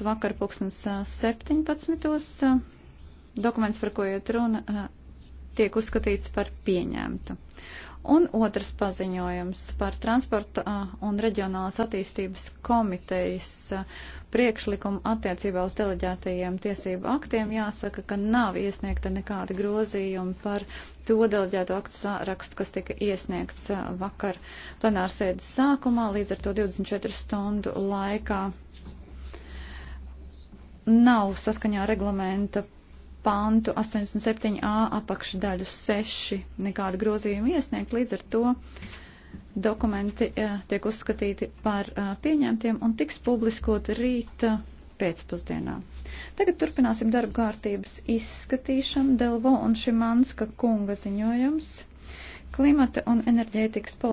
vakar pulkstens 17. Dokuments, par ko iet runa, tiek uzskatīts par pieņemtu. Un otrs paziņojums par transporta un reģionālās attīstības komitejas priekšlikumu attiecībā uz deleģētajiem tiesību aktiem jāsaka, ka nav iesniegta nekāda grozījuma par to deleģēto aktu sārakstu, kas tika iesniegts vakar plenārsēdes sākumā, līdz ar to 24 stundu laikā nav saskaņā reglamenta pantu 87a apakšdaļu 6 nekāda grozījuma iesniegt, līdz ar to dokumenti e, tiek uzskatīti par e, pieņemtiem un tiks publiskot rīt e, pēcpusdienā. Tagad turpināsim darba kārtības izskatīšanu Delvo un Šimanska kunga ziņojums. Klimata un enerģētikas politika.